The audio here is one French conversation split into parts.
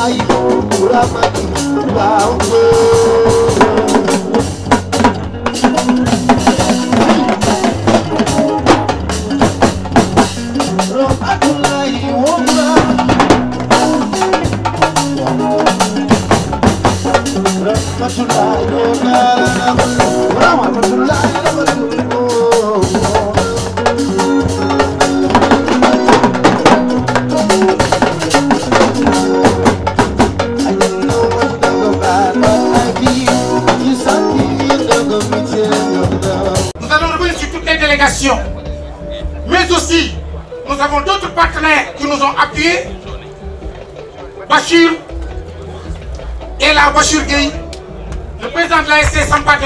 Aí, por amante, dá um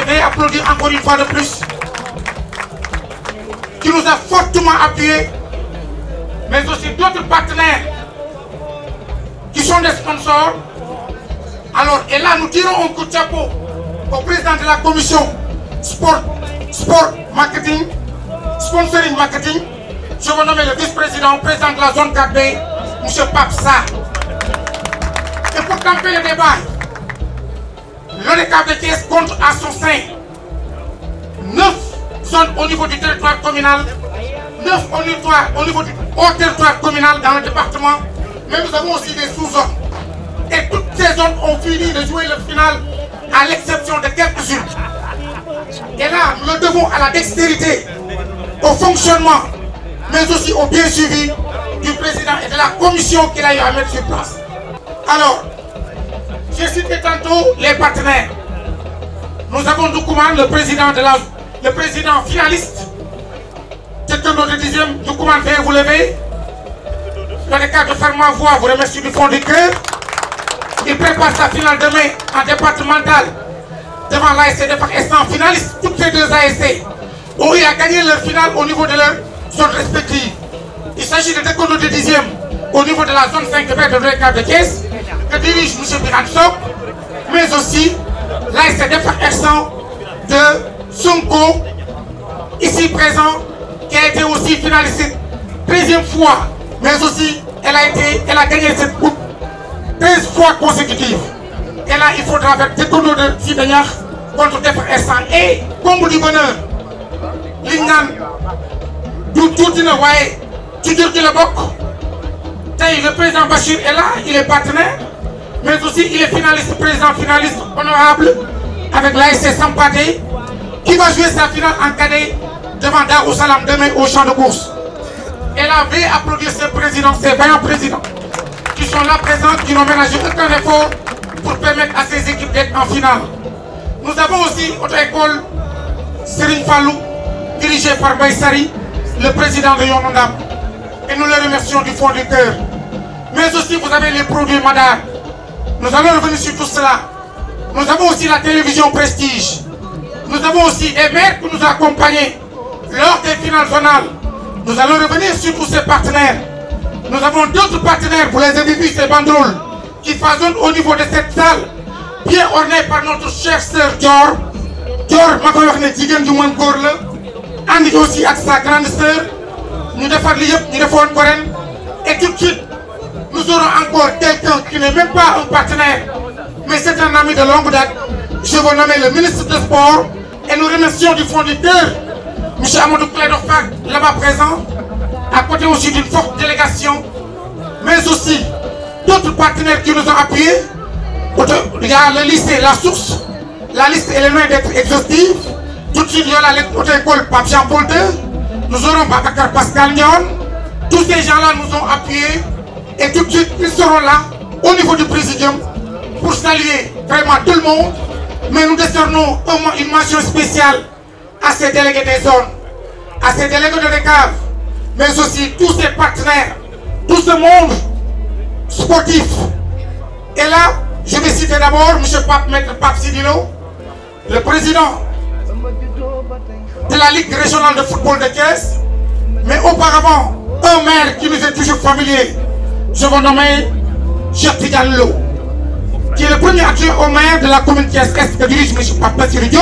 et applaudir encore une fois de plus. Qui nous a fortement appuyés, mais aussi d'autres partenaires qui sont des sponsors. Alors, et là, nous tirons un coup de chapeau au président de la commission sport, marketing, sponsoring marketing. Je vous nommer le vice-président, président de la zone 4B, M. Papsa. Et pour camper le débat, de BTS compte à son sein neuf zones au niveau du territoire communal, neuf au niveau du haut territoire communal dans le département, mais nous avons aussi des sous-zones. Et toutes ces zones ont fini de jouer le final à l'exception de quelques-unes. Et là, nous devons à la dextérité, au fonctionnement, mais aussi au bien suivi du président et de la commission qu'il a eu à mettre sur place. Alors, j'ai cité tantôt les partenaires. Nous avons Doukouman, le président de la, le président finaliste. C'est notre dixième. Doukouman, veuillez vous lever. Dans le cadre de voix, vous remercie du fond du cœur. Il prépare sa finale demain en départemental devant l'ASC de Pakistan, finaliste, toutes ces deux ASC, Oui, eu à gagner leur finale au niveau de leur zone respective. Il s'agit de deux de dixième au niveau de la zone 5 de de Caisse que dirige M. Biramso, mais aussi l'ASDF accent de Sonko, ici présent, qui a été aussi finaliste deuxième fois, mais aussi elle a, été, elle a gagné cette coupe 13 fois consécutive. Et là, il faudra faire des tournois de Sibéniar contre FR100. Et, comme du bonheur, l'Ingan, d'où tout le voie tu dis qu'il le boc. Le président Bachir est là, il est partenaire mais aussi il est finaliste, président finaliste honorable avec l'ASC Sampaté, qui va jouer sa finale en cadet devant Darou Salam demain au champ de course. Et la veille applaudir ses présidents, ses vaillants présidents, qui sont là présents, qui n'ont ménagé aucun effort pour permettre à ces équipes d'être en finale. Nous avons aussi notre école Serine Fallou, dirigée par Baïsari, le président de Yonondam. Et nous le remercions du fond du cœur. Mais aussi, vous avez les produits Madar, nous allons revenir sur tout cela. Nous avons aussi la télévision Prestige. Nous avons aussi Emer pour nous accompagner lors des finales zonales. Nous allons revenir sur tous ces partenaires. Nous avons d'autres partenaires, pour les individus et banderoles, qui façonnent au niveau de cette salle, bien ornée par notre chère sœur Dior. Dior, ma du Andi aussi à sa grande sœur. Nous devons nous devons et tout de suite, nous aurons encore quelqu'un qui n'est même pas un partenaire, mais c'est un ami de longue date. Je vous nommer le ministre des Sports et nous remercions du fond du cœur M. Amadou là-bas présent, à côté aussi d'une forte délégation, mais aussi d'autres partenaires qui nous ont appuyés. Il y a le lycée La Source, la liste est loin d'être exhaustive. Tout de suite, il y a la l'école Pape Jean-Paul II. Nous aurons Pascal Nyon. Tous ces gens-là nous ont appuyés et tout de suite, ils seront là, au niveau du Présidium, pour saluer vraiment tout le monde. Mais nous décernons une mention spéciale à ces délégués des zones, à ces délégués de cave, mais aussi tous ces partenaires, tout ce monde sportif. Et là, je vais citer d'abord M. Pape, Maître Pape le président de la Ligue régionale de football de Caisse, mais auparavant, un maire qui nous est toujours familier, je nommé Cheikh nomme Lo, qui est le premier acteur au maire de la commune qui Est que dirige M. Papa Sirudio,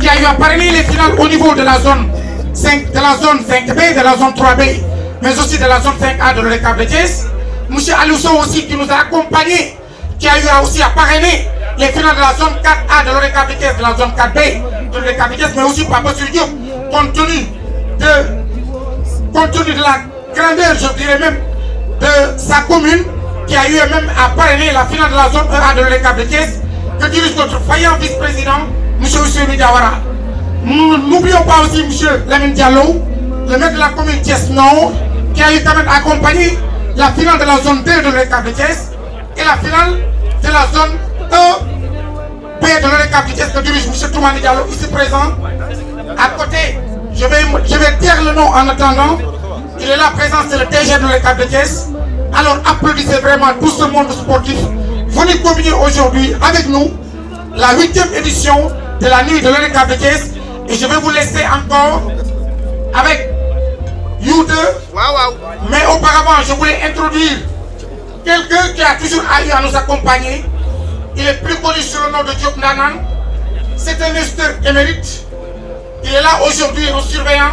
qui a eu à parrainer les finales au niveau de la zone 5, de la zone 5B, de la zone 3B, mais aussi de la zone 5A de l'ORECAB de M. aussi, qui nous a accompagnés, qui a eu aussi à parrainer les finales de la zone 4A de l'ORECAB de de la zone 4B de l'ORECAB mais aussi Papa Diop, de, compte tenu de la grandeur, je dirais même, de sa commune qui a eu même à parrainer la finale de la zone 1 e de l'ECAP de que dirige notre faillant vice-président, M. M. Diawara. N'oublions pas aussi M. Lamine Diallo, le maire de la commune Thiès qui a eu quand même accompagné la finale de la zone 2 de l'ECAP et la finale de la zone 1B e de l'ECAP que dirige M. Toumani Diallo, ici présent. À côté, je vais, je vais dire le nom en attendant, il est la présence de le TGN de l'État de caisse. Alors applaudissez vraiment tout ce monde sportif Venez communier aujourd'hui avec nous la huitième édition de la nuit de l'État de Et je vais vous laisser encore avec you Mais auparavant, je voulais introduire quelqu'un qui a toujours eu à nous accompagner. Il est plus connu sous le nom de Diop Nanan. C'est un émérite. Il est là aujourd'hui, en surveillant.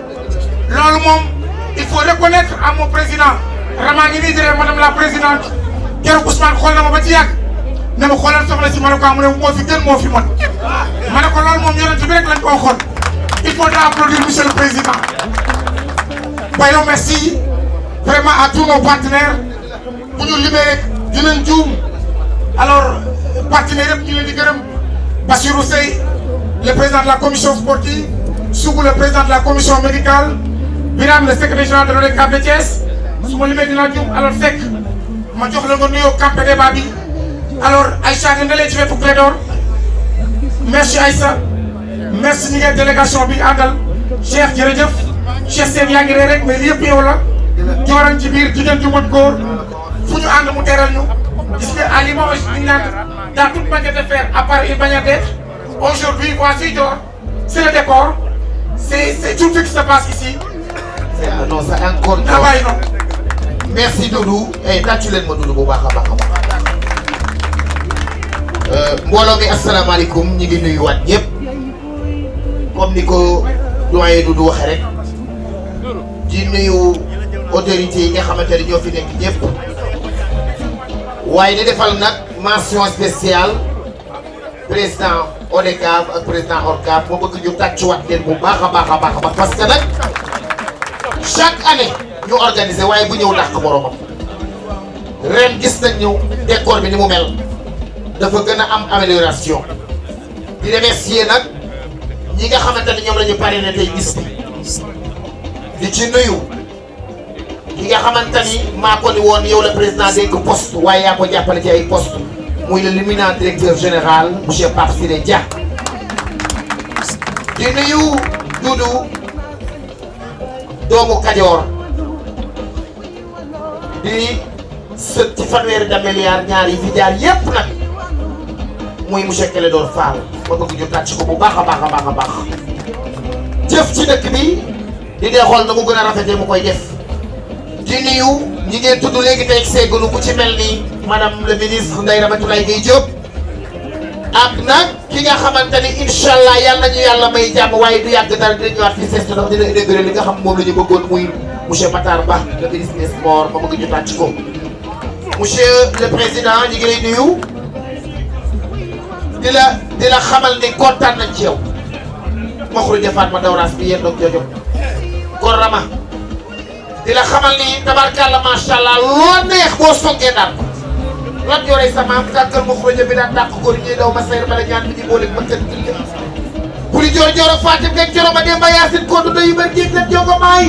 il faut reconnaître à mon président Rama madame la présidente keroog Je xool ba ne si fi ne rek il faut applaudir monsieur le président merci vraiment à tous nos partenaires Pour nous libérer rek dinañ juum alors partenaires qui nous disent di Roussey, le président de la commission sportive Sous le président de la commission médicale Birame le secrétaire général de l'ODCAV de Thiès su ma limee dinaa jum alors fekk ma jox la nga nuyoo campé débat bi alors Aïcha nga dalee ci wetu Clédor merci Aïcha merci ñi ngeen délégation bi andal Cheikh jërëjëf Cheikh seen yaa ngi rek mais li yow la jooran ci bir jigéen ci mën góor fu ñu ànd mu téral ñu gis nga à l'image du naan dans toute manière de faire à part une manière d'être aujourd'hui voici jor c'est le décor c'est c'est tout ce qui se passe ici non c'est encore. travail non. merci Doudou. eh ma Doudou bu baax a baax a baax. mbooloo mi asalaamaaleykum ñu ngi nuyuwaat ñëpp comme ni ko doyen Doudou waxee rek di nuyu autorités yi nga xamante ne ñoo fi nekk ñëpp waaye di defal nag mention spéciale président ODCAV ak président ORCAV moo bëgg ñu tàccuwaat leen bu baax a baax a baax parce nag. chaque année ñu organiser waaye bu ñëw dàq boromam ren gis nañ ñëw décor bi ni mu mel dafa gën a am amélioration di remercier nag ñi nga xamante ne ñoom la ñu parrainé tey gis bi di ci nuyu ñi nga xamante ni maa ko ni woon yow la président dégg poste waaye yaa ko jàppale ci ay poste muy le luminant directeur général monsieur Pape Siré Dia di nuyu Doudou doomu Kajoor di sët ci fanweeri damel yaar ñaar yi fi jaar yépp nag muy monsieur Clédor Fall ma bëgg ñu tàcc ko bu baax a baax a baax a baax jëf ci dëkk bi di dee xool na mu gën a rafet ye mu koy def di nuyu ñi ngeen tudd léegi tey seegunu ku ci mel ni madame le ministre Ndeye Ramatoulaye Guèye Diop ak nag ki nga xamante ni incha allah yàlla nañu yàlla may jàmm waaye du yàgg dara dina ñëwaat fii Ceste ndax dina intégré li nga xam moom la ñu bëggoon muy monsieur Matar Ba le ministre des sports moom nga jotaat ci ko. monsieur le président ñu ngi lay nuyu di la di la xamal ni kontaan nañ ci yow mboq lu defaat ma dawraas bi yéen donc joojo kon Rama xamal ni tabarkàlla macha allah loo neex boo songee daal. Lat Joor ay samaam kàkkal ma xuraja bi daan dàq góor ñuy daw ma sayr bala ñaan bi di boole ba kër gi lépp. kuli joor joor ak Fatim Gaye Coro ba Demba Yaasin kootu doyu ba jéeg Lat Joor ko maay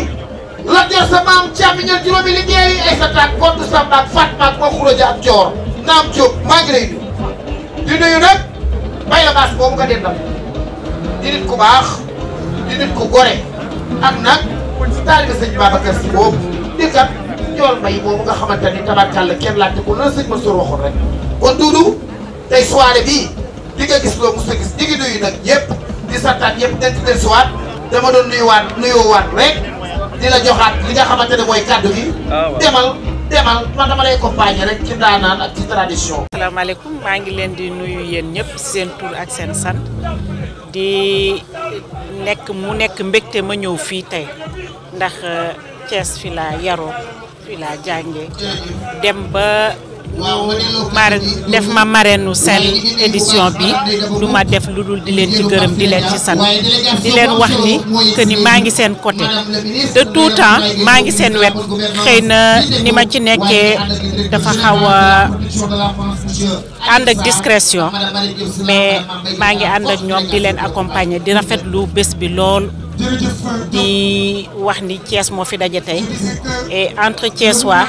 Lat Joor samaam càmmiñal juróomi liggéey yi ay sa taat kootu Samba ak Fatma ak ma xuraja ak Joor naam Diop maa ngi lay nuyu. di nuyu nag bay la baas boobu nga dendal di nit ku baax di nit ku gore ak nag taalibe sëñ Babacar Si boobu di kat. njool mbay xamante ni tabarkàlla kenn laajte ko lan a joxaat li nga xamante ne mooy kàddu gi ah, demal demal man dama lay accompagner rek ci daanaan ak ci tradition asalaamaaleykum maa ngi leen di nuyu yéen ñëpp seen tur ak seen sant di nekk mu nekk mbégte ma ñëw fii tey ndax euh, Thiès fi laa yaroo fii laa jàngee dem ba ñu mar def ma marraine seen édition bi du ma def lu dul di leen ci gërëm di leen ci sant di leen wax ni que maa ngi seen côté de tout temps maa ngi seen wet xëy na ni ma ci nekkee dafa xaw a ànd ak discrétion mais maa ngi ànd ak ñoom di leen accompagner di rafetlu bés bi lool. di wax ni Thiès moo fi daje tey et entre Thiès waa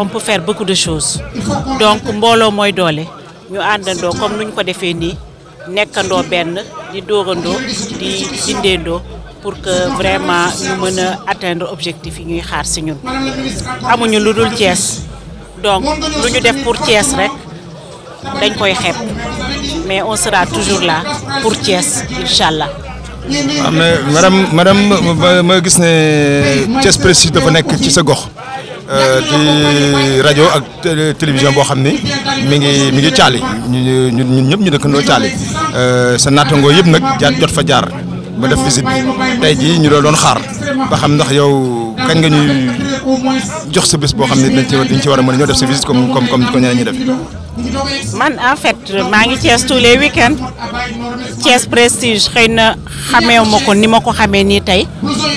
on peut faire beaucoup de choses donc mbooloo mooy doole ñu àndandoo comme nuñ ko defee nii nekkandoo benn di dóorandoo di dindeendoo pour que vraiment ñu mën a atteindre objectif yi ñuy xaar si ñun amuñu lu dul Thiès donc lu ñu def pour Thiès rek dañ koy xeeb mais on sera toujours là pour Thiès incha allah am ah, na madame madame ma gis ne euh, Thiès Prestige dafa nekk ci sa gox euh, di rajo ak télévision boo xam ni mi ngi mi ngi caali ñu ñun ñu ñëpp ñu dëkkandoo caali euh, sa nattangoo yëpp nag jaar jot fa jaar ba def visite bi tey jii ñu doon xaar ba xam ndax yow. kañ nga ñuy jox sa bés boo xam ne dañ ci war dañ ci war a mën a ñëw def sa visite comme comme comme ko ñeneen ñi def. man en fait maa ngi Thiès tous les week-ends Thiès prestige xëy na xameewu ko ni ma ko xamee nii tey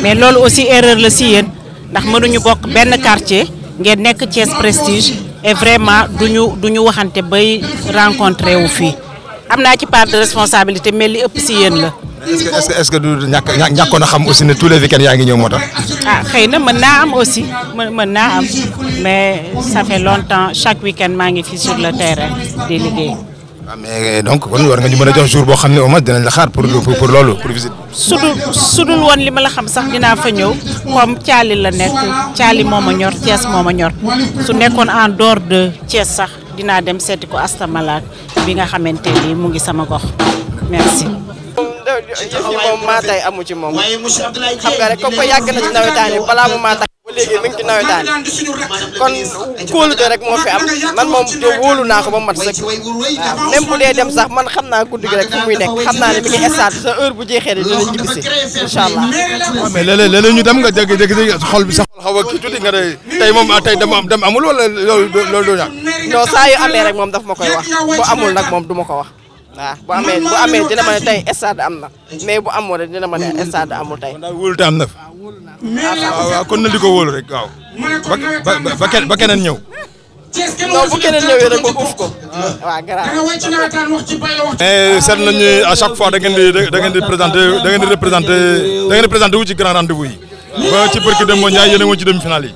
mais loolu aussi erreur la si yéen ndax mënuñu bokk benn quartier ngeen nekk Thiès prestige et vraiment duñu duñu waxante bay rencontré wu fii. am naa ci part de responsabilité mais li ëpp si yéen la. est-ce que est-ce que du ñàkk a ñàkkoon a xam aussi ne tous les week-ends yaa ngi ñëw moo tax. ah xëy na mën naa am aussi mën mën naa am mais ça fait longtemps chaque week-end maa ngi fii sur le terrain di liggéey. waaw ah, mais donc kon war nga ñu mën a jox jour boo xam ne au moins dinañ la xaar pour pour loolu pour visite. sudul sudul woon li ma la xam sax dinaa fa ñëw comme Thiali la nekk Thiali moo ma ñor Thiès moo ma ñor su nekkoon en dehors de Thiès sax dinaa dem seeti ko Asta Malak bi nga xamante ni mu ngi sama gox merci. yëf yi moom maa tey amu ci moom xam nga rek ko yàgg na ci nawetaani balaa mu maa léegi mi ngi ci nawetaan kon kóolute rek moo fi am man moom de wóolu naa ko ba mat sëkk waaw même bu dee dem sax man xam naa guddi gi rek fu muy nekk xam naa ne mi ngi stade sa heure bu jeexee rek dina ñibbisi incha allah. waaw mais léeg-léeg ñu dem nga jëg jékki xol bi sax xaw a kii nga day tey moom ah, tey dama am dem amul wala loolu loolu doo ñàkk. non saa yu amee rek moom daf ma koy wax bu amul nag moom du ma ko wax. waaw bu amee bu amee dina ma tey stade am na mais bu amoon rek dina ma ne stade amul tey. kon daal wóolu te am na fa. Ah, waaw ah, waaw kon na di ko wóolu rek waaw. ba ba ba keneen ñëw. non bu keneen ñëwee ba uuf ko. Ah. waaw garaaw. mais seet nañu à chaque fois da ngeen di da ngeen di présenté da ngeen di représenté da ngeen di présenté wu ci grand rendez-vous ba ci barki Demba Ndiaye yéen wu ngi ci demi-finale yi.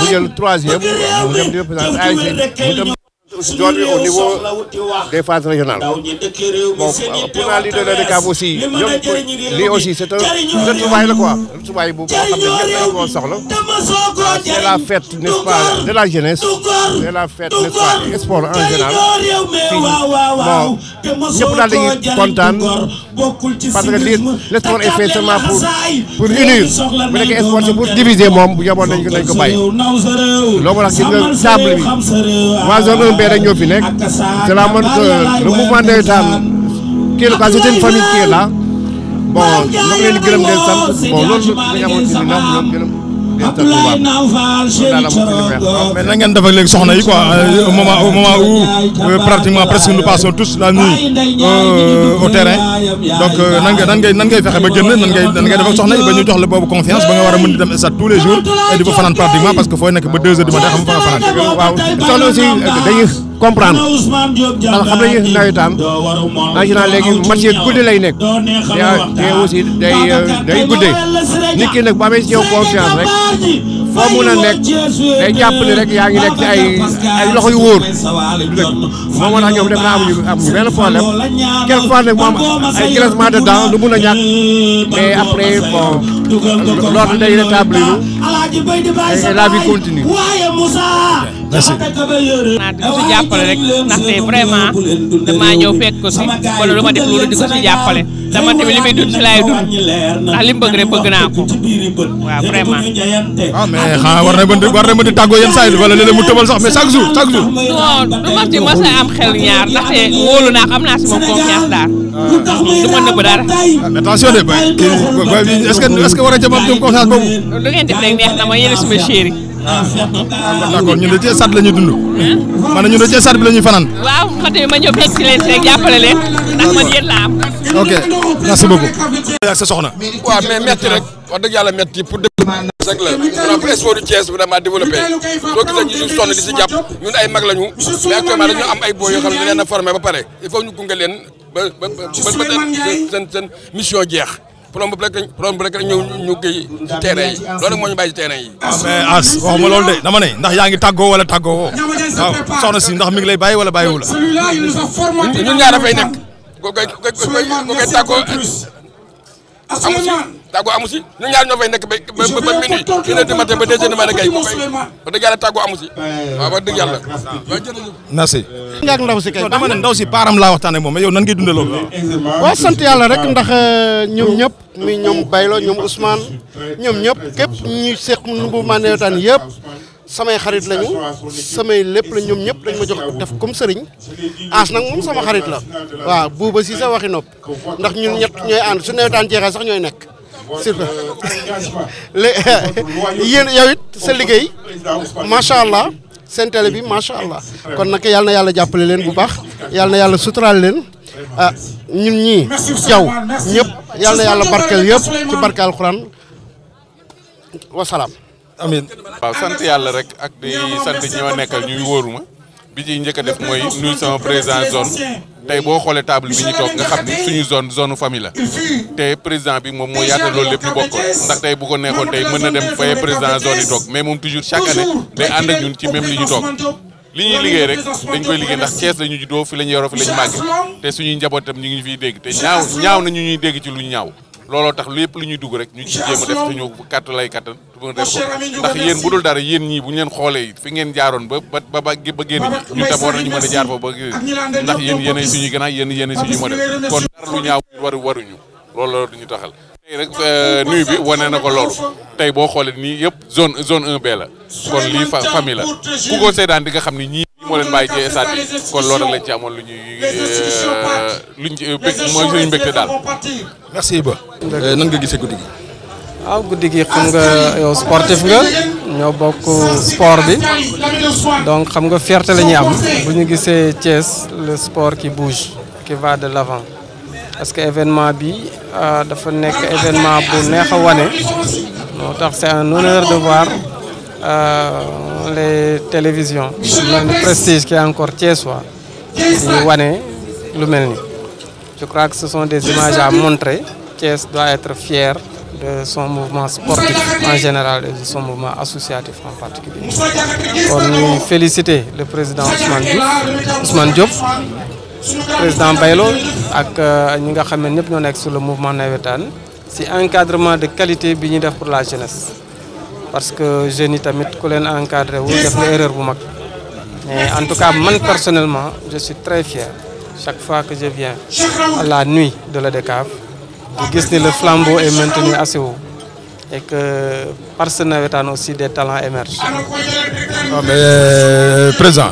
bu jël troisième mu dem doon au niveau des phases régionales bon pour naa leader de CAF aussi lii aussi c' est la quoi retrouvaille bu boo xam ne ñëpp dañ koo la fête n' de la jeunesse c' est la fête n' est ce pas sport en général fii bon ñëpp daal dañuy kontaan parce que lii l' sport est fait seulement pour unir bu nekkee sport c' est diviser moom bu yaboon nañ ko nañ ko bàyyi loolu moo tax bi Gueye rek ñoo fi nekk le mouvement Ndeysaan kii la quoi c'est une famille qui est là bon ñoo ngi leen di gërëm leen sant la ñu amoon ci ñoom ñoom na ngeen def ak léegi soxna yi quoi euh, moment au moment où pratiquement presque nous passons tous la nuit euh, au terrain donc euh, nan ngay fexe ba génn nan ngay nan soxna yi ba ñu jox la boobu confiance ba nga war a di dem stade tous les jours di fa fanaan pratiquement parce que fooy nekk ba deux heures xam nga fa nga fanaan. waaw soxna aussi dañuy. comprendre ndax xam nañu nawetaan national léegi match yi guddi lay nekk te aussi day euh, day guddee nit ki nag bu amee ci yow confiance rek. foo mun a nekk day jàpp ne rek yaa ay ay loxo yu wóor dëgg moom def naa amuñu amuñu benn problème quelque fois nag moom ay classement de dents lu mun a mais après bon l'ordre day rétabli et la vie continue. merci. naa di ko si vraiment fekk ko si wala lu def loolu di ko si dama dund dund ndax bëgg rek bëgg ko vraiment. Ah, Eh, xanaa war na mën sax mais chaque jour chaque jour. non du ma ci mos a am xel ñaar ndaxte wóolu naa ko am naa si moom confiance daal. du ma nëbb dara. Ah, mais attention de bay kii est-ce que est-ce que war a jëm am jëm confiance boobu. suma chéri. waaw ah, d'accord ñun de cee sàdd la ñuy dund. man fanaan. waaw côté ma ñëw fekk si leen si rek waaw mais métti rek wax dëgg yàlla métti pour. rek la maanaam bu espoir du Thiès vraiment développé soo gisee ñu si sonn ba pare il faut ñu leen ba ba ba jeex problème bu rek ñu ñu kii ci terrain yi loolu rek moo ñu bàyyi ci terrain yi. Ah, ah, ndax yaa ngi tàggoo wala tàggoo woo waaw soxna si ndax mi ngi lay bàyyi wala bàyyiwu la. ñun ñaar dafay nekk. ko koy ko koy tàggoo. xam nga si. tàggoo amu si ñu ñaar ñoo fay nekk ba ba minuit une heure du matin ba deux heures du yàlla tàggoo amu si waaw wax euh, ak ndaw si kay dama ne ndaw si baaram laa waxtaan ak moom mais yow nan ngay dundee loolu waaw sant yàlla rek ndax euh, ñoom ñëpp muy ñoom Baylo ñoom Ousmane ñoom ñëpp képp ñu seq nu ma neetaan yëpp samay xarit lañu samay lépp la ñoom ñëpp dañ ma jox def comme sëriñ as nag moom sama xarit la waa buuba si sa waxi nopp ndax ñu ñett ñooy ànd su neetaan jeexee sax ñooy nekk surtout euh, yéen yow it sa liggéey macha allah seen télé bi macha allah kon nag yàlla na yàlla jàppale leen bu baax yàlla na yàlla suturaal leen ah ñun ñii jaw ñëpp yàlla na yàlla barkeel yëpp ci barke alxuraan wasalaam. amiin waaw sant yàlla rek ak di sant ñoo nekkal ñuy wóoruma. bi ciy njëkk def mooy nuyu sama président zone tay bo xolé table bi ñu toog nga xam suñu zone zone famille la te président bi moom moo yaatal loolu lepp ñu bokk ndax tay bu ko neexoon tay mëna dem fay président zone yi toog mais moom toujours chaque année day ànd ak ñun ci même li ñu toog li ñuy liggéey rek dañ koy liggéey ndax Thiès lañu ñu juddoo fi lañu ñu yoroo fi la ñu màggee te suñuy njabootam ñu ngi fi dégg te ñaaw ñaaw nañu ñuy dégg ci lu ñaaw looloo tax lépp lu ñuy dugg rek ñu ci jéem def te ñu kàttu lay kàttan ndax yéen bu dul dara yéen ñii bu ñu leen xoolee fi ngeen jaaroon ba ba ba génn ñu tam war nañu mën a jaar fa ba ndax yéen yéenay suñu gannaaw yéen yéenay suñu modèle kon dara lu ñaaw waru waruñu loolu la duñu taxal rek euh, nuyu bi wane na ko loolu tey boo xoolee nii yëpp zone zone b la kon lii famille la ku ko seedaan di nga xam ne ñii moo leen bàyyi ci stade bi kon loolu rek lañ ci amoon lu ñuy euh, luñ ci euh, mooy suñu mbégte daal merci ba gisee guddi waaw guddi gi xam nga yow sportif nga ñoo bokk sport bi donc xam nga fierté la ñuy am bu ñu gisee Thiès le sport qui bouge qui va de l'avant parce que événement bi euh, dafa nekk événement bu neex a wane c'est un honneur de voir euh, les télévisions même prestige qui a encore les ñu wane lu mel ni je crois que ce sont des images à montrer Thiès doit être fier de son mouvement sportif en général et de son mouvement associatif en particulier. Pour nous féliciter le président Ousmane Diop, président Baylo et euh, nous nga tous sur le mouvement c'est un encadrement de qualité pour la jeunesse parce que je n'ai pas ku encadrer. encadré wu def en tout cas moi personnellement je suis très fier chaque fois que je viens à la nuit de la décave vous voyez le flambeau est maintenu assez haut et que par ce navetan aussi des talents émergent. waaw ah, mais euh, président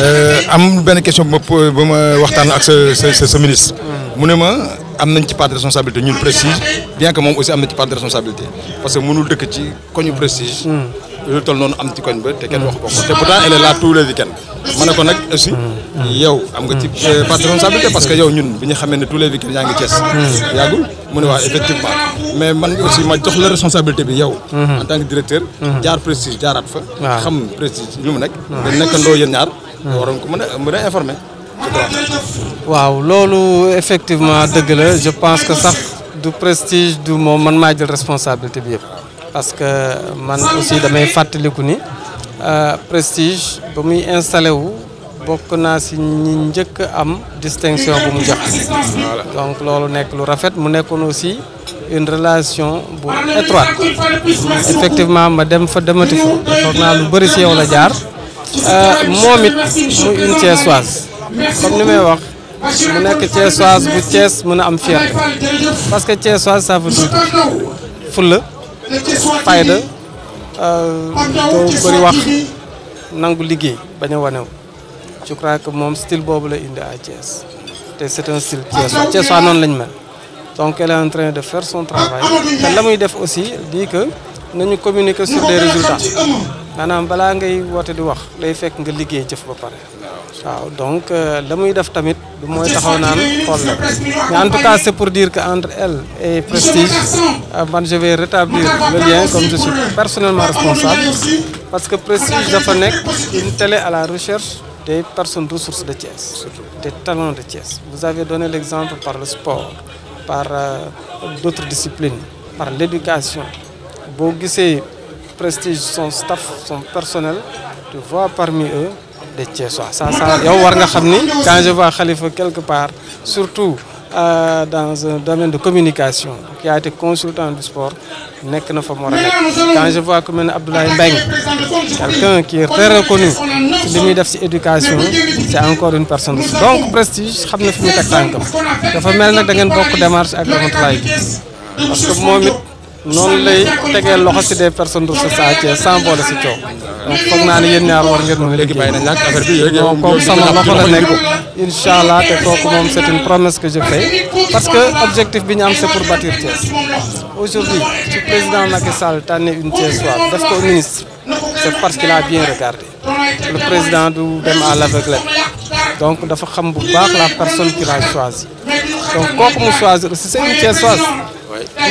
euh, am benn question pour me bu ma waxtaan ce, ce ce ministre. Hmm. mu ne ma am nañ ci pas de responsabilité ñun prestige bien que moi aussi am na ci part de responsabilité parce que mënul dëkk ci koñu prestige. Hmm. lu Je ne am ci koñ ba. te kenn hmm. wax ko pourtant elle est là tous les week-ends. ma ne ko nag aussi. yow am nga ci part hmm. de euh, responsabilité parce que yow ñun bi ñu xamee ne tous les week-ends yaa ngi Thiès. Hmm. yàggul mu ne waaw effectivement mais man aussi ma jox la responsabilité bi yow. Hmm. en tant que directeur. jaar Prestige jaaraat fa. xam Prestige ñu mu nekk. da nekkandoo yéen ñaar. waroon ko mën a mën a waaw loolu effectivement dëgg la je pense que sax du Prestige du moom man maa jël responsabilité bi yëpp. parce que man aussi damay fàttaliku ni. Euh, prestige ba muy installé wu bokk na ci ñi njëkk am distinction bu mu jox donc lolu nekk lu rafet mu nekkoon aussi une relation bu étroite effectivement ma dem fa demati fa foog na lu bari ci yow la jaar euh momit muy une Thiessoise comme ni may wax mu nekk Thiessoise bu Thiès mën a am fierté parce que Thiessoise ça veut dire fulla fayda doo euh, bëri wax nangu liggéey bañ a je crois que moom style boobu la indi à Thiès te c'est un style Thiès Thiès waa noonu lañ mel donc elle est de fer son travail te la muy def aussi di que nañu communiquer sur des résultats maanaam balaa ngay woote di wax lay fekk nga liggéey jëf ba pare donc euh, la muy def tamit du mooy taxaw mais en tout cas c'est pour dire qu'entre elle et Prestige euh, je vais rétablir le lien comme je suis personnellement responsable parce que Prestige il est une à la recherche des personnes ressources de Thiès des talents de Thiès vous avez donné l'exemple par le sport par euh, d'autres disciplines par l'éducation boo Prestige son staff son personnel de voir parmi eux des Thiessois ça yow quand je vois Khalifa quelque part surtout euh, dans un domaine de communication qui a été consultant du sport na quand je vois comme Abdoulaye quelqu'un qui est très reconnu celui le l'éducation, ci c'est encore une personne donc prestige sais na fi mu teg tànkam dafa mel nag da ngeen bokk démarche avec le travail. parce que moi, je ne lay pas loxo ci des personnes de ce Thiès sans voler ce coow donc foog naa ne yéen ñaar war ngeen mën a léegi bàyyi moom kooku sama loxo nekk incha kooku moom c' une promesse que je fais parce que objectif bi ñu am c' est pour bâtir Thiès aujourd'hui ci président Macky Sall tànnee une Thiès waa def ko ministre c' est parce qu'il a bien regardé le président du dem à l'aveuglette donc dafa xam bu baax la personne qu'il a choisi donc kooku mu choisir aussi c' une Thiès waa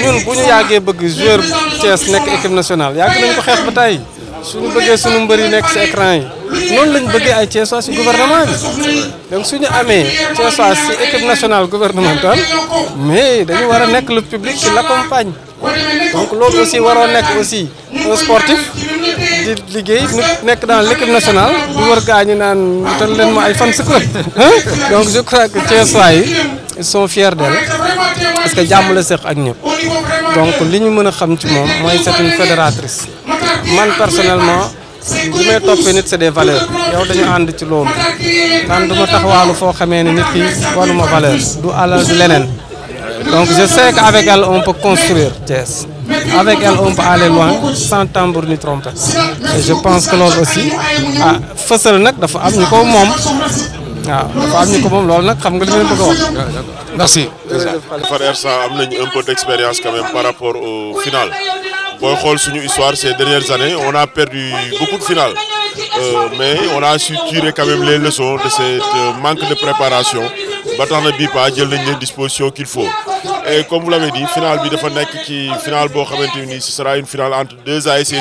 ñun bu ñu yàggee bëgg joueur Thiès nekk équipe nationale yàgg suñu bëggee suñu mbër yi nekk si écran yi noonu lañ bëggee ay Thiessois si gouvernement bi donc suñu amee Thiessois si équipe nationale gouvernementale mais dañu war a nekk le public la l'accompagne donc loolu aussi waroo nekk aussi un di liggéey nit nekk dans l'équipe nationale di wër gaañu naan wutal leen moo ay fan si donc je crois que Thiessois yi ils sont fiers d'elle parce que jàmm le seq ak ñëpp donc li ñu mën xam ci moom je c'est une fédératrice man personnellement li may toppee nit c'est des valeurs yow dañu quand ci loolu man du ma taxawaalu foo xamee ne nit ki wanuma valeur du alal du leneen donc je sais qu'avec elle on peut construire Yes. avec elle on peut aller loin sans tambour ni trompette et je pense que loolu aussi ah fësal nag dafa am ñu ko moom ah, Merci. ñu un peu d'expérience quand même par rapport au final histoire ces dernières années on a perdu beaucoup de finales euh, mais on a su tirer quand même les leçons de cette euh, manque de préparation battant le na il les dispositions qu'il faut et comme vous l'avez dit finale bi dafa finale ce sera une finale entre deux ASC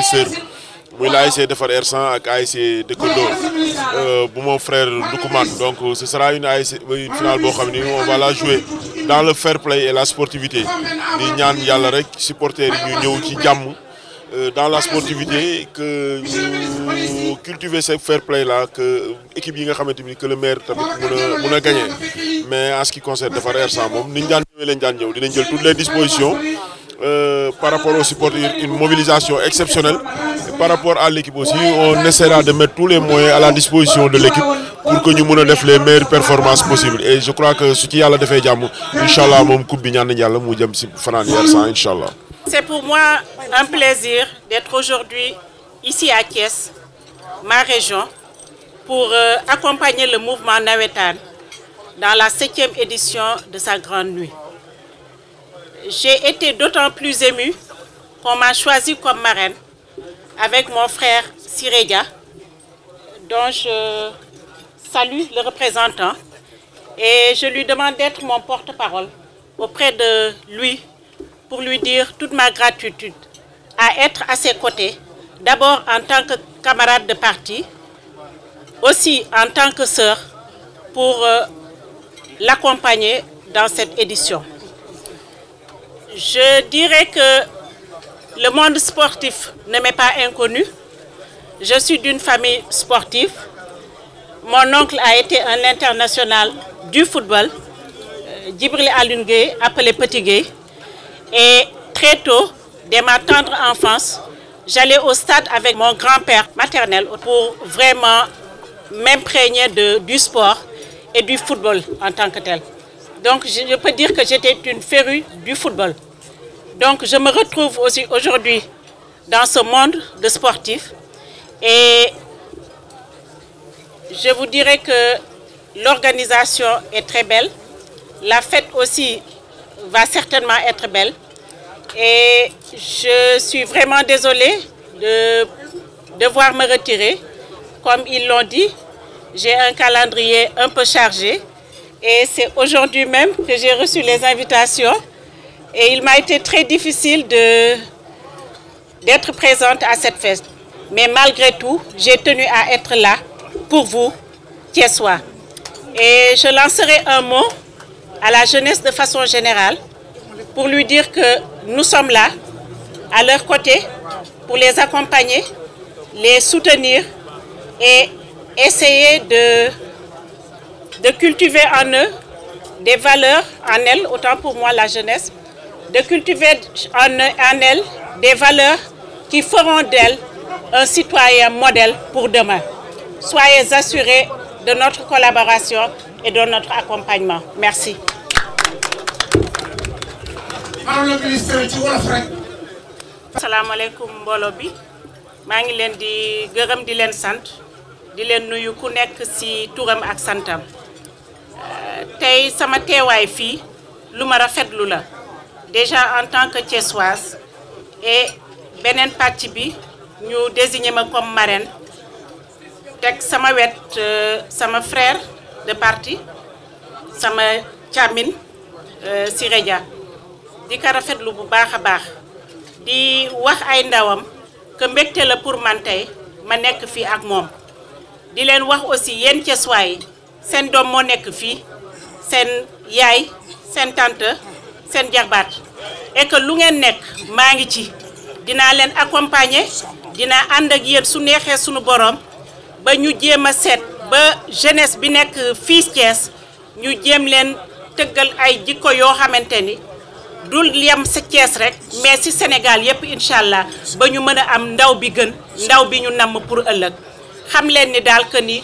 a essayé de faire R100 avec de de Dëkkandoo pour euh, mon frère Ndoukoumane donc ce sera une une finale boo on va la jouer dans le fair play et la sportivité di ñaan yàlla rek supporters yi ñu ñëw euh, dans la sportivité que nous cultiver ce fair play là que équipe yi nga que le maire tamit a gagné. gagner mais en ce qui concerne faire R100 moom ni ñu daan ñëwee lañ toutes les dispositions. Euh, par rapport aux supporters une mobilisation exceptionnelle. par rapport à l'équipe aussi, on essaiera de mettre tous les moyens à la disposition de l'équipe pour que nous puissions faire les meilleures performances possibles. Et je crois que ce qui a la défaite, Inch'Allah, C'est pour moi un plaisir d'être aujourd'hui ici à Kies, ma région, pour euh, accompagner le mouvement Nawetan dans la septième édition de sa grande nuit. J'ai été d'autant plus émue qu'on m'a choisi comme marraine avec mon frère Siréga dont je salue le représentant. Et je lui demande d'être mon porte-parole auprès de lui pour lui dire toute ma gratitude à être à ses côtés, d'abord en tant que camarade de parti, aussi en tant que sœur pour euh, l'accompagner dans cette édition. Je dirais que le monde sportif ne m'est pas inconnu. Je suis d'une famille sportive. Mon oncle a été un international du football, euh, Djibril Alungé, appelé Petit Gay. Et très tôt, dès ma tendre enfance, j'allais au stade avec mon grand-père maternel pour vraiment m'imprégner du sport et du football en tant que tel. Donc je peux dire que j'étais une férue du football. Donc je me retrouve aussi aujourd'hui dans ce monde de sportifs. Et je vous dirais que l'organisation est très belle. La fête aussi va certainement être belle. Et je suis vraiment désolée de devoir me retirer. Comme ils l'ont dit, j'ai un calendrier un peu chargé. Et c'est aujourd'hui même que j'ai reçu les invitations. Et il m'a été très difficile d'être présente à cette fête. Mais malgré tout, j'ai tenu à être là pour vous, qui soit. Et je lancerai un mot à la jeunesse de façon générale pour lui dire que nous sommes là, à leur côté, pour les accompagner, les soutenir et essayer de de cultiver en eux des valeurs, en elles, autant pour moi la jeunesse, de cultiver en, elles des valeurs qui feront d'elle un citoyen modèle pour demain. Soyez assurés de notre collaboration et de notre accompagnement. Merci. Madame le ministre tu sant santam. tay sama teewaay fi luma rafet rafetlu la déjà en tant que Thiessoise et benen parti bi ñu désigné ma comme marraine tek sama wet euh, sama frère de parti sama càmmin euh sirédia di ko rafetlu bu baax baax di wax ay ndawam que mbecté la pour man tay ma nek fi ak mom di len wax aussi yeen Thiessois seen doom moo nekk fii seen yaay seen tante seen jarbaat et que lu ngeen nekk maa ngi ci dinaa leen accompagner dinaa ànd ak yéen su neexee sunu borom ba ñu jéem a seet ba jeunesse bi nekk fii Thiès ñu jéem leen tëggal ay jikko yoo xamante ni dul yem sa Thiès rek mais si Sénégal yépp incha allah ba ñu mën a am ndaw bi gën ndaw bi ñu namm pour ëllëg xam leen daal que ni.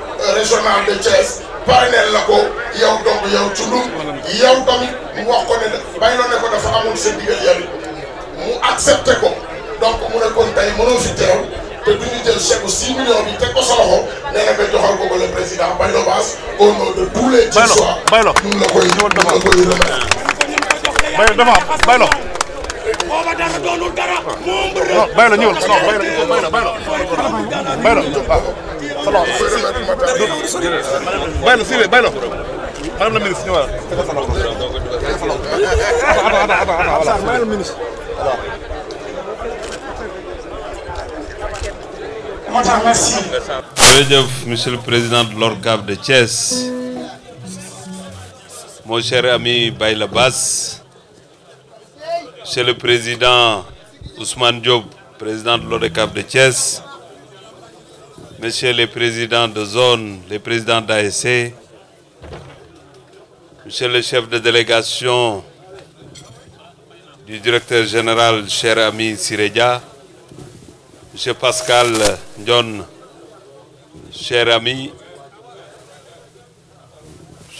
régional de Thiès parrainel la ko yow donc yow Thioundou yow tamit mu wax ko ne bay loo ne ko dafa amul sa ndigal yow mu accepté ko donc mu ne kon tey teew te du ñu jël chèque bu 6 ko sa nee na nga joxal ko ko président Baylo Bass de tous les Baylo Baylo Baylo. booba dara doonul dara. moom bëri na bay la ñëwal non bay la ñëwal bay la bay la bay la waaw. salaam bay la Sylvain bay la. madame la ministre ñëwal. madame la ministre. merci. jërëjëf monsieur le président de l'ORCAV de Thiès mon cher ami Bayla Bass Monsieur le Président Ousmane Diop, président de l'ODECAP de Thiès, Monsieur le Président de zone, le Président d'ASC, Monsieur le chef de délégation du directeur général, cher ami Sireja, Monsieur Pascal John, cher ami,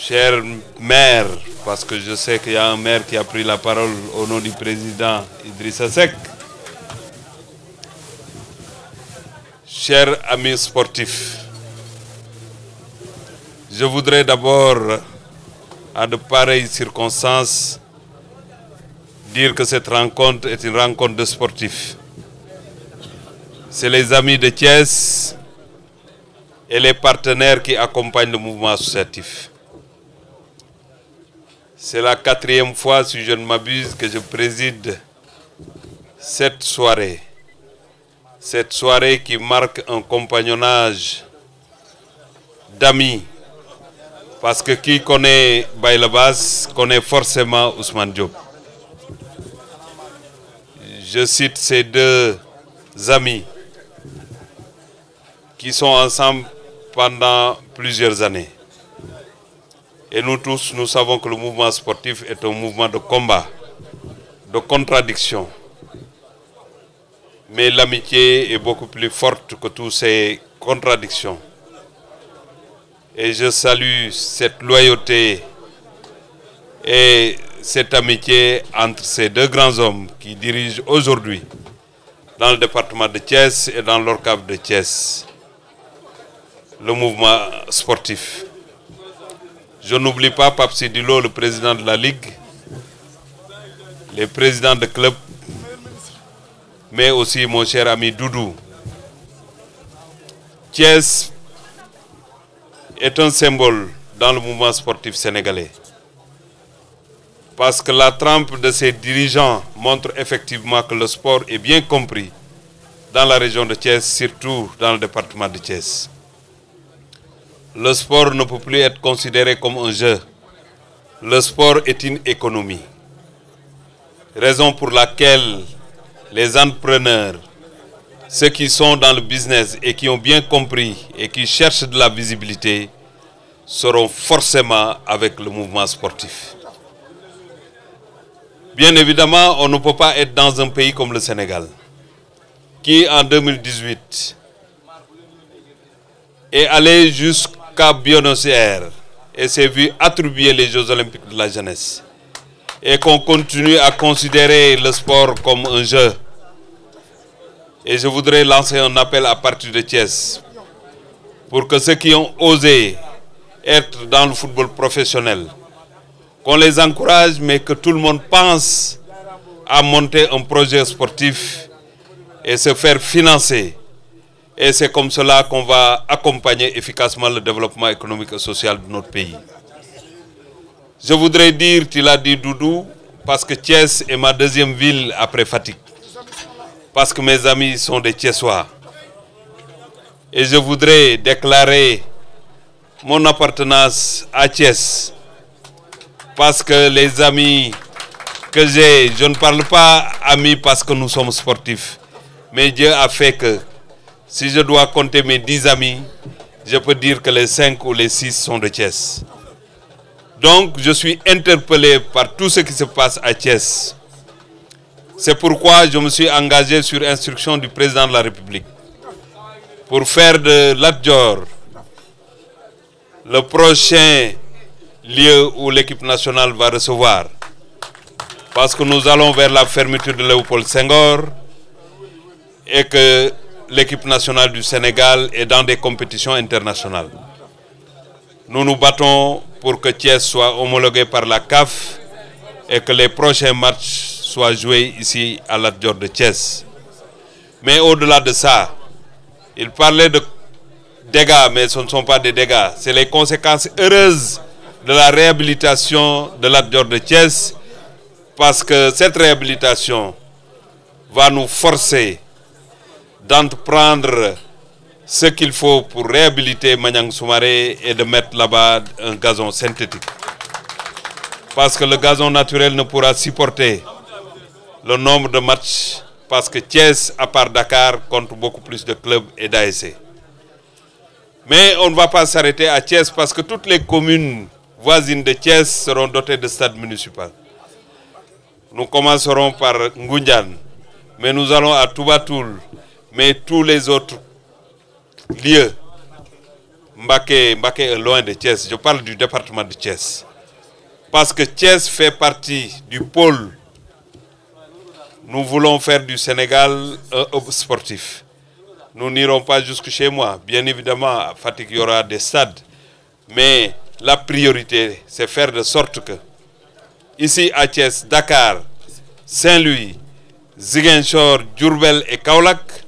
Cher maire, parce que je sais qu'il y a un maire qui a pris la parole au nom du président Idrissa Seck. Cher amis sportifs, je voudrais d'abord, à de pareilles circonstances, dire que cette rencontre est une rencontre de sportifs. C'est les amis de Thiès et les partenaires qui accompagnent le mouvement associatif. C'est la quatrième fois, si je ne m'abuse, que je préside cette soirée. Cette soirée qui marque un compagnonnage d'amis. Parce que qui connaît bass connaît forcément Ousmane Diop. Je cite ces deux amis qui sont ensemble pendant plusieurs années. Et nous tous, nous savons que le mouvement sportif est un mouvement de combat, de contradiction. Mais l'amitié est beaucoup plus forte que toutes ces contradictions. Et je salue cette loyauté et cette amitié entre ces deux grands hommes qui dirigent aujourd'hui dans le département de Thiès et dans cave de Thiès, le mouvement sportif. Je n'oublie pas Pape Sidilo, le président de la Ligue, les présidents de club, mais aussi mon cher ami Doudou. Thiès est un symbole dans le mouvement sportif sénégalais. Parce que la trempe de ses dirigeants montre effectivement que le sport est bien compris dans la région de Thiès, surtout dans le département de Thiès. Le sport ne peut plus être considéré comme un jeu. Le sport est une économie. Raison pour laquelle les entrepreneurs, ceux qui sont dans le business et qui ont bien compris et qui cherchent de la visibilité, seront forcément avec le mouvement sportif. Bien évidemment, on ne peut pas être dans un pays comme le Sénégal, qui en 2018 est allé jusqu'à cas Buenos et s'est vu attribuer les Jeux olympiques de la jeunesse. Et qu'on continue à considérer le sport comme un jeu. Et je voudrais lancer un appel à partir de Thiès pour que ceux qui ont osé être dans le football professionnel, qu'on les encourage, mais que tout le monde pense à monter un projet sportif et se faire financer et c'est comme cela qu'on va accompagner efficacement le développement économique et social de notre pays. Je voudrais dire, tu l'as dit Doudou, parce que Thiès est ma deuxième ville après Fatigue. Parce que mes amis sont des Thiessois. Et je voudrais déclarer mon appartenance à Thiès. Parce que les amis que j'ai, je ne parle pas amis parce que nous sommes sportifs. Mais Dieu a fait que si je dois compter mes dix amis, je peux dire que les 5 ou les 6 sont de Thiès. Donc, je suis interpellé par tout ce qui se passe à Thiès. C'est pourquoi je me suis engagé sur instruction du président de la République pour faire de l'Adjor le prochain lieu où l'équipe nationale va recevoir. Parce que nous allons vers la fermeture de Léopold Senghor et que l'équipe nationale du Sénégal est dans des compétitions internationales. Nous nous battons pour que Thiès soit homologué par la CAF et que les prochains matchs soient joués ici à l'Adjord de Thiès. Mais au-delà de ça, il parlait de dégâts, mais ce ne sont pas des dégâts. C'est les conséquences heureuses de la réhabilitation de l'Adjord de Thiès parce que cette réhabilitation va nous forcer d'entreprendre ce qu'il faut pour réhabiliter Manyang Soumaré et de mettre là-bas un gazon synthétique. Parce que le gazon naturel ne pourra supporter le nombre de matchs parce que Thiès, à part Dakar, compte beaucoup plus de clubs et d'ASC. Mais on ne va pas s'arrêter à Thiès parce que toutes les communes voisines de Thiès seront dotées de stades municipaux. Nous commencerons par Ngunjan, mais nous allons à Toubatoul, mais tous les autres lieux, Mbake est loin de Thiès. Je parle du département de Thiès. Parce que Thiès fait partie du pôle. Nous voulons faire du Sénégal un sportif. Nous n'irons pas jusque chez moi. Bien évidemment, Fatigue, il y aura des stades. Mais la priorité, c'est faire de sorte que, ici à Thiès, Dakar, Saint-Louis, Ziguinchor, Djurbel et Kaolack.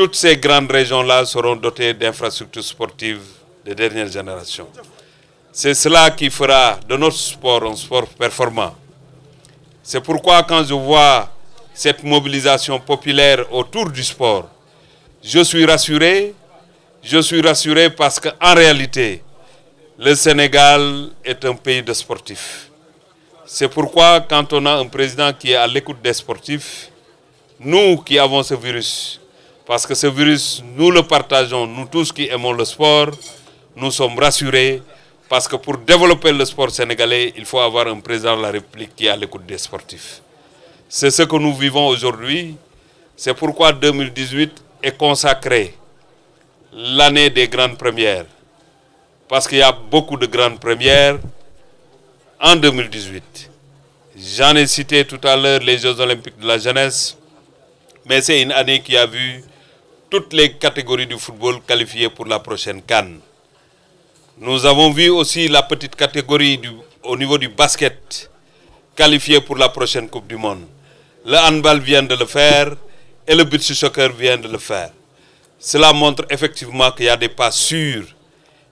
Toutes ces grandes régions-là seront dotées d'infrastructures sportives de dernière génération. C'est cela qui fera de notre sport un sport performant. C'est pourquoi quand je vois cette mobilisation populaire autour du sport, je suis rassuré. Je suis rassuré parce qu'en réalité, le Sénégal est un pays de sportifs. C'est pourquoi quand on a un président qui est à l'écoute des sportifs, nous qui avons ce virus, parce que ce virus, nous le partageons, nous tous qui aimons le sport, nous sommes rassurés, parce que pour développer le sport sénégalais, il faut avoir un président de la République qui est à l'écoute des sportifs. C'est ce que nous vivons aujourd'hui, c'est pourquoi 2018 est consacré l'année des grandes premières, parce qu'il y a beaucoup de grandes premières en 2018. J'en ai cité tout à l'heure les Jeux olympiques de la jeunesse, mais c'est une année qui a vu toutes les catégories du football qualifiées pour la prochaine Cannes. Nous avons vu aussi la petite catégorie au niveau du basket qualifiée pour la prochaine Coupe du Monde. Le handball vient de le faire et le de soccer vient de le faire. Cela montre effectivement qu'il y a des pas sûrs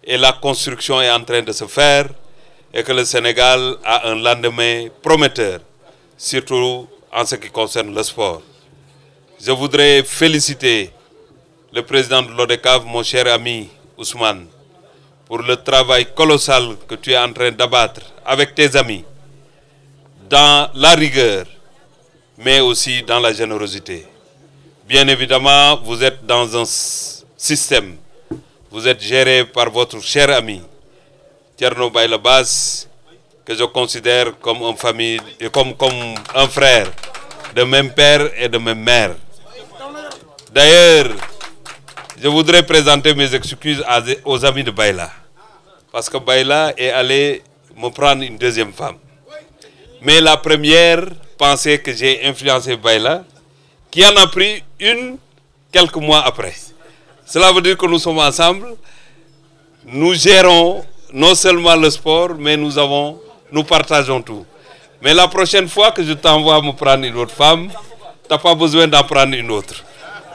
et la construction est en train de se faire et que le Sénégal a un lendemain prometteur, surtout en ce qui concerne le sport. Je voudrais féliciter le président de l'ODECAV, mon cher ami Ousmane, pour le travail colossal que tu es en train d'abattre avec tes amis, dans la rigueur, mais aussi dans la générosité. Bien évidemment, vous êtes dans un système, vous êtes géré par votre cher ami, Tierno Baylabas... que je considère comme, une famille, comme, comme un frère, de même père et de même mère. D'ailleurs, je voudrais présenter mes excuses aux amis de Baila, Parce que Baila est allé me prendre une deuxième femme. Mais la première pensée que j'ai influencé Baila, qui en a pris une quelques mois après. Cela veut dire que nous sommes ensemble. Nous gérons non seulement le sport, mais nous avons, nous partageons tout. Mais la prochaine fois que je t'envoie me prendre une autre femme, tu n'as pas besoin d'en prendre une autre.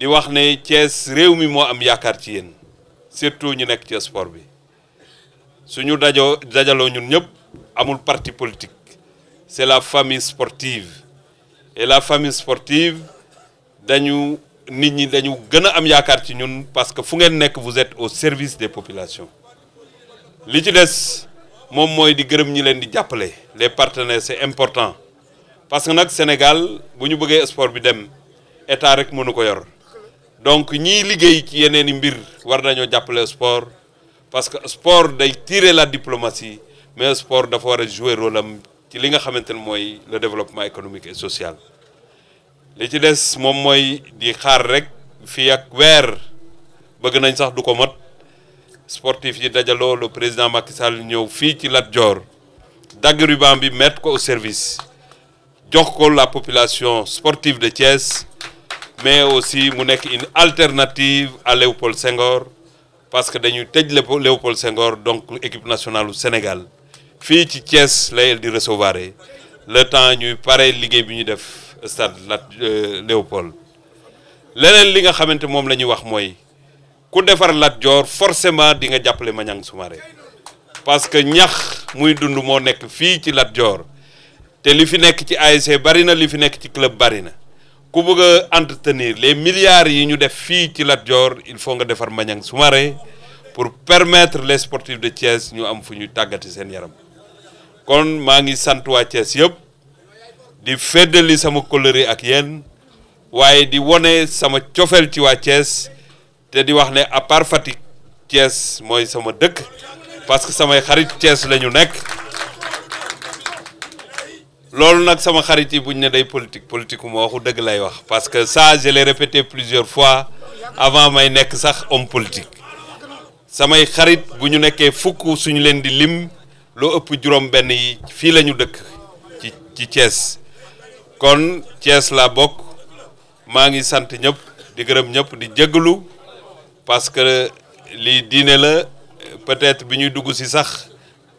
di wax ne Thiès réew mi moo am yaakaar ci yéen surtout ñu nekk ci sport bi suñu dajoo dajaloo ñun ñëpp amul parti politique c'est la famille sportive et la famille sportive dañu nit ñi dañu gën a am yaakaar ci ñun parce que fu ngeen nekk vous êtes au service des populations li ci des moom mooy di gërëm ñi leen di jàppale les partenaires c'est important parce que nag Sénégal bu ñu bëggee sport bi dem état rek mënu ko yor donc nous avons ci yeneeni mbir war sport parce que sport doit tirer la diplomatie mais sport doit jouer un rôle dans le développement économique et social li ci est rek ak le président Macky Sall ñëw venu au service la population sportive de Thiès mais aussi une alternative à Léopold Senghor parce que nous tëj Léopold Senghor donc l'équipe nationale du Sénégal fii ci Thiès lay di recevoir le temps ñuy pareil, liggéey bi ñu def stade euh, Léopold. leneen li nga xamante moom la ñuy wax mooy ku defar Lat Dior forcément di nga jàppale Maniang Soumaré parce que ñax muy dund moo nekk fii ci Lat Dior est li fi c'est ci ASC li club barina ku bëgg entretenir les milliards yi ñu def fii ci Lat Dior il faut nga defar Maniang Soumaré pour permettre les sportifs de Thiès ñu am fu ñu tàggati seen yaram kon maa ngi sant waa Thiès yëpp di feddali sama kóllëre ak yéen waaye di wone sama cofeel ci waa Thiès te di wax ne à part Fatick Thiès mooy sama dëkk parce que samay xarit Thiès la ñu nekk loolu nak sama xarit yi buñ ne day politique politique mo waxu deug lay wax parce que ça je l'ai répété plusieurs fois avant may nek sax homme politique sama xarit buñu nekké fukk suñu di lim lo ëpp benn yi fi lañu ci ci Thiès kon Thiès labok mangi maa ngi sant ñëpp di gërëm ñëpp di jéggalu parce que tuti diiné la peut-être bi dugg si sax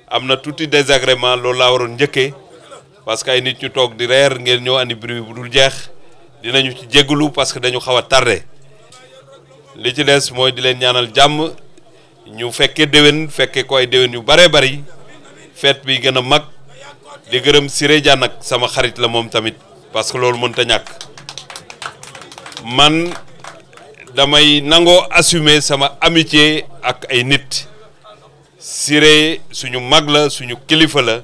am na désagrément loolu laa waroon njëkkee parce que ay nit ñu toog di reer ngeen ñëw andi bruit bu dul jeex dinañu ci jégalu parce que dañu xaw a tardé li ci des mooy di leen ñaanal jàmm ñu fekke déwén fekke ko ay déwén yu bare bari fête bi gën a mag di gërëm Siré Dia nag sama xarit la moom tamit parce que loolu ñàkk man damay nangoo assumer sama amitié ak ay nit Siré suñu mag la suñu kilifa la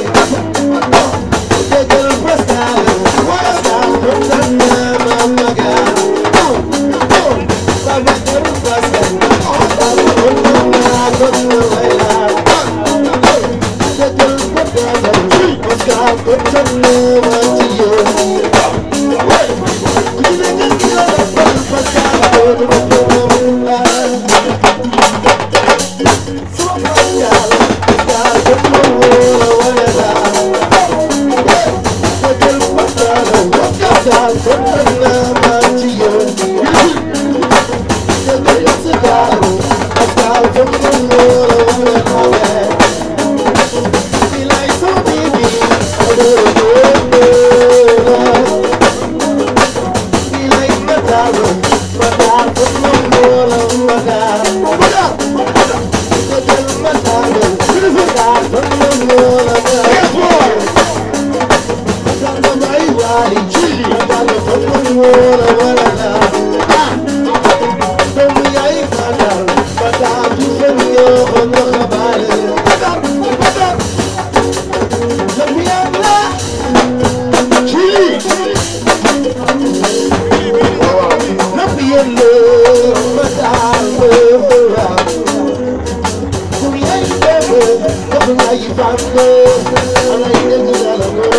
Hallelujah.